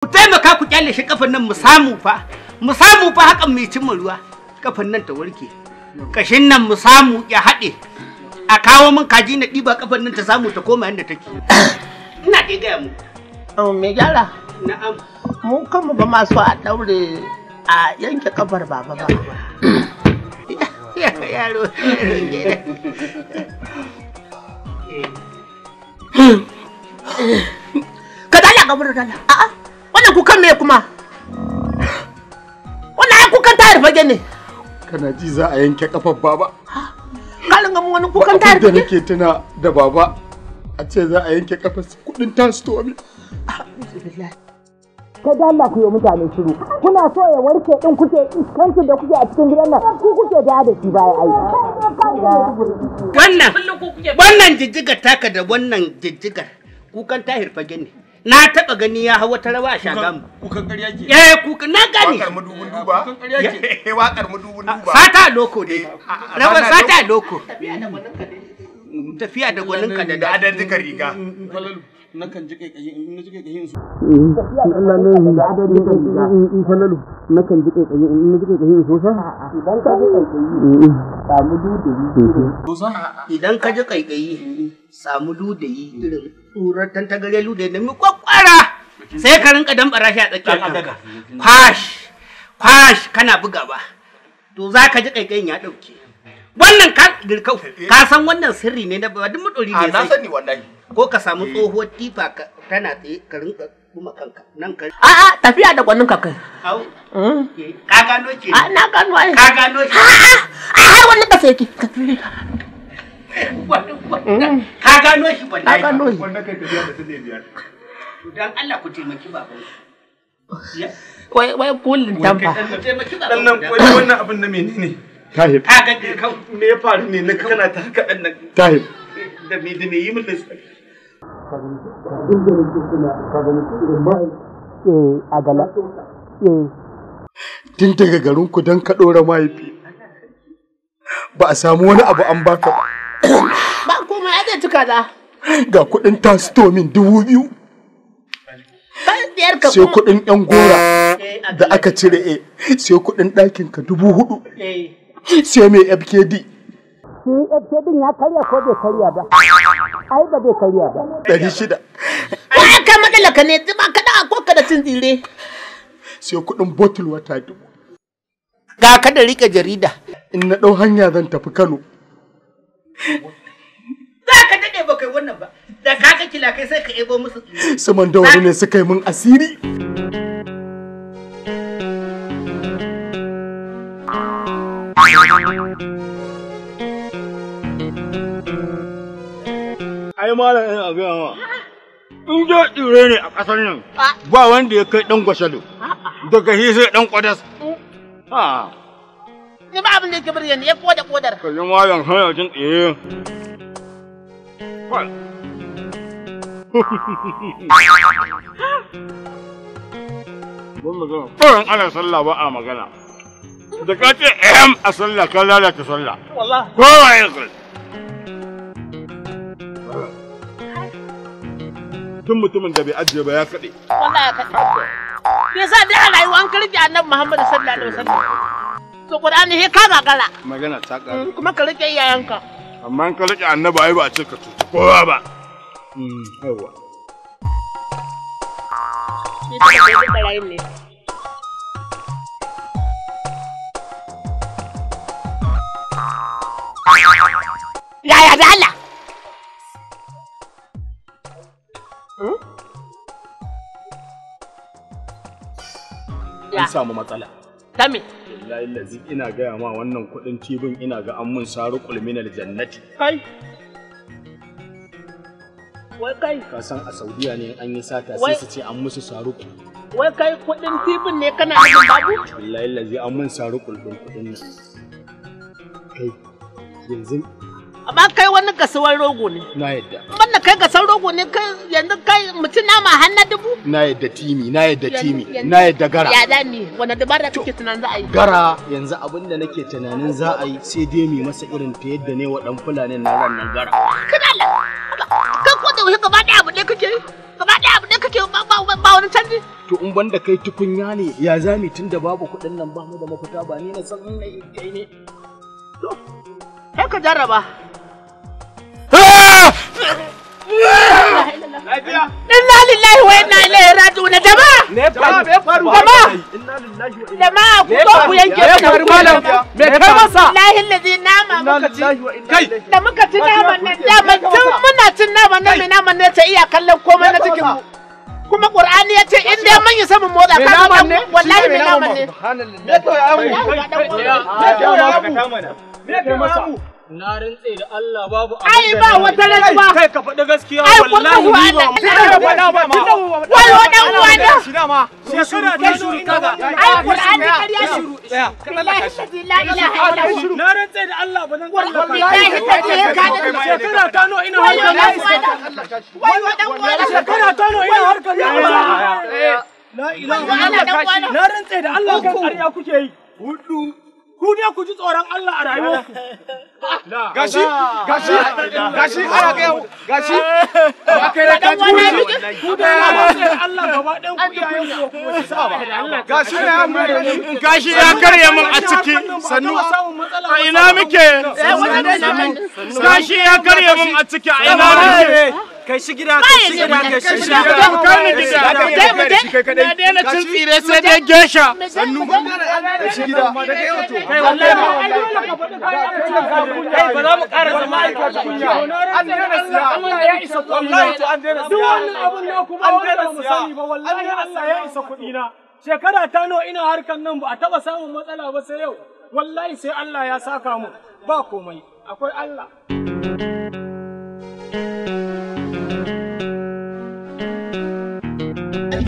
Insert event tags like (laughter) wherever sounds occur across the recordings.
ku taimaka ku kyale shi kafan nan mu samu fa mu samu fa hakan mai cimma ruwa kafan nan ta warke kashin nan mu samu ya haɗe a kawo min kaji na ɗiba kafan nan ta samu ta koma yadda take (coughs) ina ke gaya mu oh me gyara na'am mu kanmu ba masu a daure a yanke kafar baba ba (coughs) yaro (coughs) ka dala gabar dala a'a kukan me kuma kukan kana ji za a yanke kafar baba ka ga wani kukan fage da nake a ce za a yanke kafar kudin ka Allah kuna so ya warke din kuke da kuke a cikin gidan nan ku kuke da da shi baya ai wannan wannan jijjigar taka da wannan jijjigar kukan tahir ne na taba gani ya hawa ta rawa a shagamu kukan ƙarya ke eh kuka na gani wakar mudubun duba kukan ƙarya ke eh, eh wakar mudubun duba sata loko ne eh, rawa sata loko tafiya da gwaninka da da adan duka riga ji kaikayi in na ji ji kaikayi in na ji kaikayi idan ka ji kaikayi mm-hmm. samu dudayi mm-hmm. idan ka ji kaikayi mm-hmm. samu dudayi irin sai ka rinka dambara a tsakiyar kwash kwash kana buga ba to za ka ji kaikayin ya dauke wannan ka girkau eh, eh. ka san wannan sirri ne na ba duk mudori ah, ne sai sani wallahi ko ka samu eh. tsohuwar tifa tana tsaye ka rinka kuma kanka nan ka a a tafiya da gwanin ka kai au hmm. ka gano ke a ah, na gano ai ka gano ke a ah, a wannan ka sai ki ka hmm. ka gano shi wallahi ka gano shi wannan kai tafiya da sule biyar dan Allah ku taimaki baban wai wai kullun tamba dan nan wannan abin na menene tahib Ka ga me ya faru ne na kana ta haka ɗan nan. Tahir. Da me da me yi min a gala. Tun daga garin ku don ka ɗora mahaifi. Ba a samu wani abu an baka ba. Ba komai a zai tuka da. Ga kuɗin min dubu biyu. Eh, eh. sai kuɗin 'yan gora da aka cire sai kuɗin ka dubu hudu eh. sai mai fkd shi fkd ya karya ko bai karya ba ai ba bai karya ba ɗari shida ya kai matsala ka ne zuba ka da ko ka da tsire sai kuɗin botul wata dubu ga ka da rike jarida in na ɗau hanya zan tafi kano za ka dade ba kai wannan ba da ka kila kai sai ka ebo musu su man dawari ne suka yi min asiri ai malam ina a gaya In da tsire ne a ƙasar nan ba wanda ya kai ɗan gwasalo. Daga hi sai ɗan ƙwadas. Ha. Ni ba abin da yake bari yanzu ya koda kodar. Ka yi malam hana jin tsire. Ban magana. Tsoron ana sallah ba a magana. Da ka ce a sallah ka lalata sallah. Wallahi. Kowa ya sallah. duk mutumin da bai ajiye ba ya kaɗe. Wallahi ya kaɗe. Me yasa da rayuwa an karfi annabi Muhammadu sallallahu alaihi wasallam. To Qur'ani he ka magana. Magana ta ƙara. Mm, kuma ka rike iyayenka. Amma in ka rike annabi ai ba a ce ka cuci kowa ba. Mm, Yawwa. Me yasa ka rike rayu ne? Yaya da Allah? samu matsala. Ta Wallahi lazi ina gaya ma wannan kuɗin tibin ina ga an mun saru kulminal jannati. Kai. Wai kai. Ka san a Saudiya ne an yi sata sai su ce an musu saru Wai kai kuɗin tibin ne kana nufin babu? Wallahi lazi an mun saru kulɗin kuɗin nan. Kai yanzu amma kai wani gasuwar rogo ne na yadda wanda kai gasar rogo ne kai yanzu kai mutum nama ma na dubu na yadda timi na yadda timi na yadda gara ya dani wanda dabara kake tunanin za a yi gara yanzu abin da nake tunanin za a yi sai dai mu masa irin ta yadda ne wa dan fulani na wannan gara kana la kan ko da gaba da abu ne kake gaba da abu ne kake ba wani canji to in banda kai tukunya ne ya zami tunda babu kuɗin nan ba mu da mafita ba ni na san in ne kai eh, ne to kai ka jarraba Inna lillahi wa inna ilaihi raji'un jama'a jama'a me faru jama'a jama'a ku zo ku yanke mu kamar malam me kai masa lahi lazi nama muka kai da muka ci naman nan daman tun muna cin naman nan me naman ne ta iya kallon komai na cikin mu kuma qur'ani ya ce in dai mun yi samun motsa ka wallahi me naman ne subhanallah me to ya mu Me kai masa? Na rantse da Allah babu abin Ai ba wata rantsuwa. Kai ka faɗi gaskiya wallahi ni ba. Kai ka faɗa ba Wai wa dan uwa da. Shi da ma. Shi shuru kai shuru kaga. Ai Qur'ani kariya shuru. Billahi la ilaha illallah. Na rantse da Allah ba zan kalla. Wallahi ta ce ka da ta no ina Wai wa dan uwa da. ta no ina harkar na. La ilaha illallah. Na rantse da Allah kan ƙarya kuke yi. Hudu ku ne ku ji tsoron Allah a rayuwarku. Gashi, gashi, gashi, ana ga yau, gashi, ba kai da kan kuri ne, ku da ya ba sai Allah gaba ɗan ku iyayen ku ku wasu sa ba. Gashi ne ya mai gashi ya karya min a ciki, sannu, a ina muke, gashi ya karya min a ciki, a ina muke. kai shi gida shi gida shi gida shi gida na shi gida a kan kuɗi na shekara ta nawa ina harkan nan ba a taba samun matsala ba sai yau wallahi sai Allah ya saka mu ba komai akwai Allah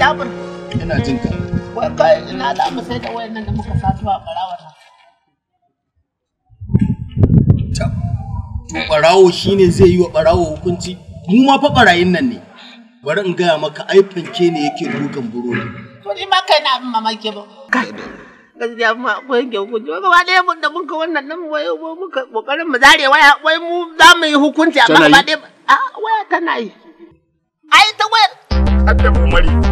Jabir. Ina jin ka. Wai kai ina mu sai da da muka sato a barawar To barawo shine zai yi wa barawo hukunci. Mu ma fa barayin nan ne. Bari in gaya maka ai fanke ne yake dukan To ni ma kai na ba. gaskiya akwai hukunci ɗaya mun da mun ka wannan nan wai muka kokarin mu zare waya wai mu za mu yi hukunci amma ɗaya a waya tana yi ai ta wayar Adam Umari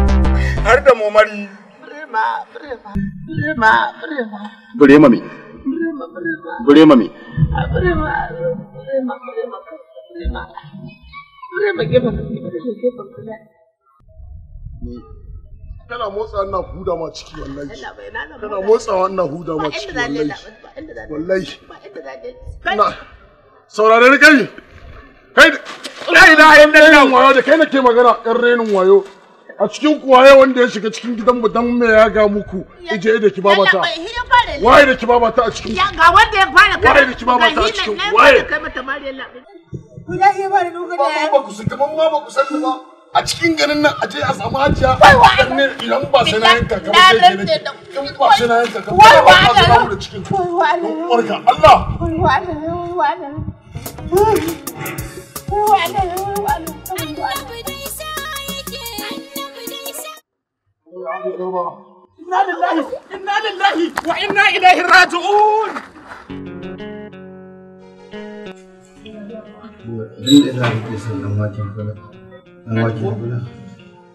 har da momari burema burema burema burema burema me burema burema burema me burema burema burema burema burema gefen gefen kula kana motsa ina huda ma ciki wallahi kana motsawa ina huda ma ciki wallahi wallahi na saurare ni kai kai la ilaha illallah wayo da kai nake magana ɗan renin wayo a cikin kuwaye wanda ya shiga cikin gidan mu dan me ya ga muku ije da ki baba ta waye da ki baba ta a cikin ga wanda ya fara kai waye da ki baba ta a cikin waye kai mata ya da ba ku kuma ba ku san ba a cikin garin nan a a samu hajiya ne idan ba sai na yanka kamar sai ke ba sai na yanka kamar wai ba sai na da cikin Allah Inna lillahi, inna lillahi wa inna ilaihi za son waken kula, waken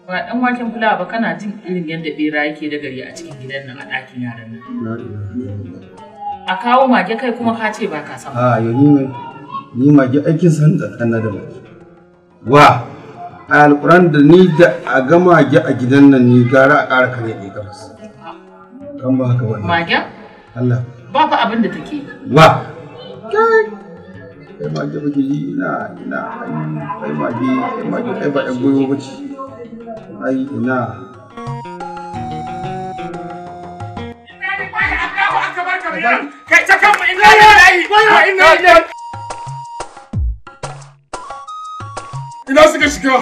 Ba ɗan waken kula ba kana jin irin yadda ɓera yake da gari a cikin gidan nan a ɗakin yaran nan. A kawo mage kai kuma ka ce ba ka san. A ne. ni mage aikin san tsakanin da mage. Wa! a alkuran da ni da a ga mage a gidan nan ni gara a ƙara kare ne gabas kan ba haka wani mage Allah ba fa abin da take wa kai mage ba ke yi ina ina kai mage kai mage kai ba ɗan goyo ba ce ai ina kai ta kan mu inna lillahi wa inna ina suka shiga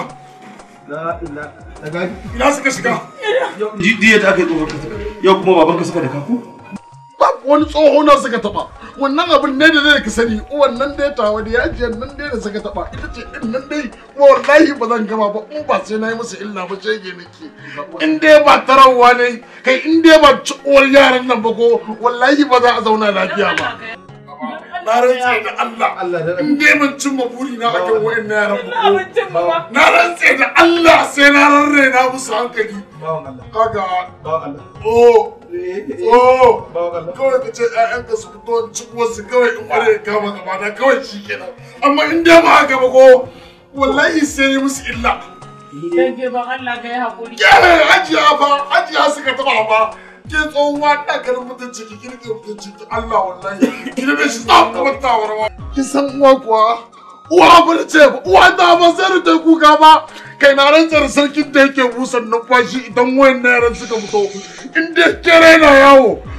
Ina suka shiga? Diya ta kai tsohon ka suka yau kuma babanka suka da kaku? wani tsoho na suka taba wannan abin ne da zai ka sani wannan dai tawa da yajiyar nan dai da suka taba ita ce din nan dai kuma wallahi ba zan gama ba in ba sai na yi musu illa ba shege nake in dai ba tarawa ne kai in dai ba ciwar yaran nan ba ko wallahi ba za a zauna lafiya ba na rantse da Allah in dai mun cimma na a kan wa'annan yaran mu na rantse da Allah sai na rarre na musu hankali kaga oh oh kawai ka ce ƴaƴanka su fito cikin wasu kawai in wani ya kama gaba na kawai shi kenan amma in dai ba haka ba ko wallahi sai ne musu illa. Dage ban Allah ka yi haƙuri. Ajiya fa, ajiya suka taɓa ba. ke tsohuwa ta kar mutunci ki kirke mutunci ki Allah wallahi ki ne shi ta kuma ta warwa ki san uwa kuwa uwa burce ba uwa ta ba sai da kuka ba kai na rantsar sarkin da yake busan numfashi idan wayan na yaran suka fito in dai kere na yawo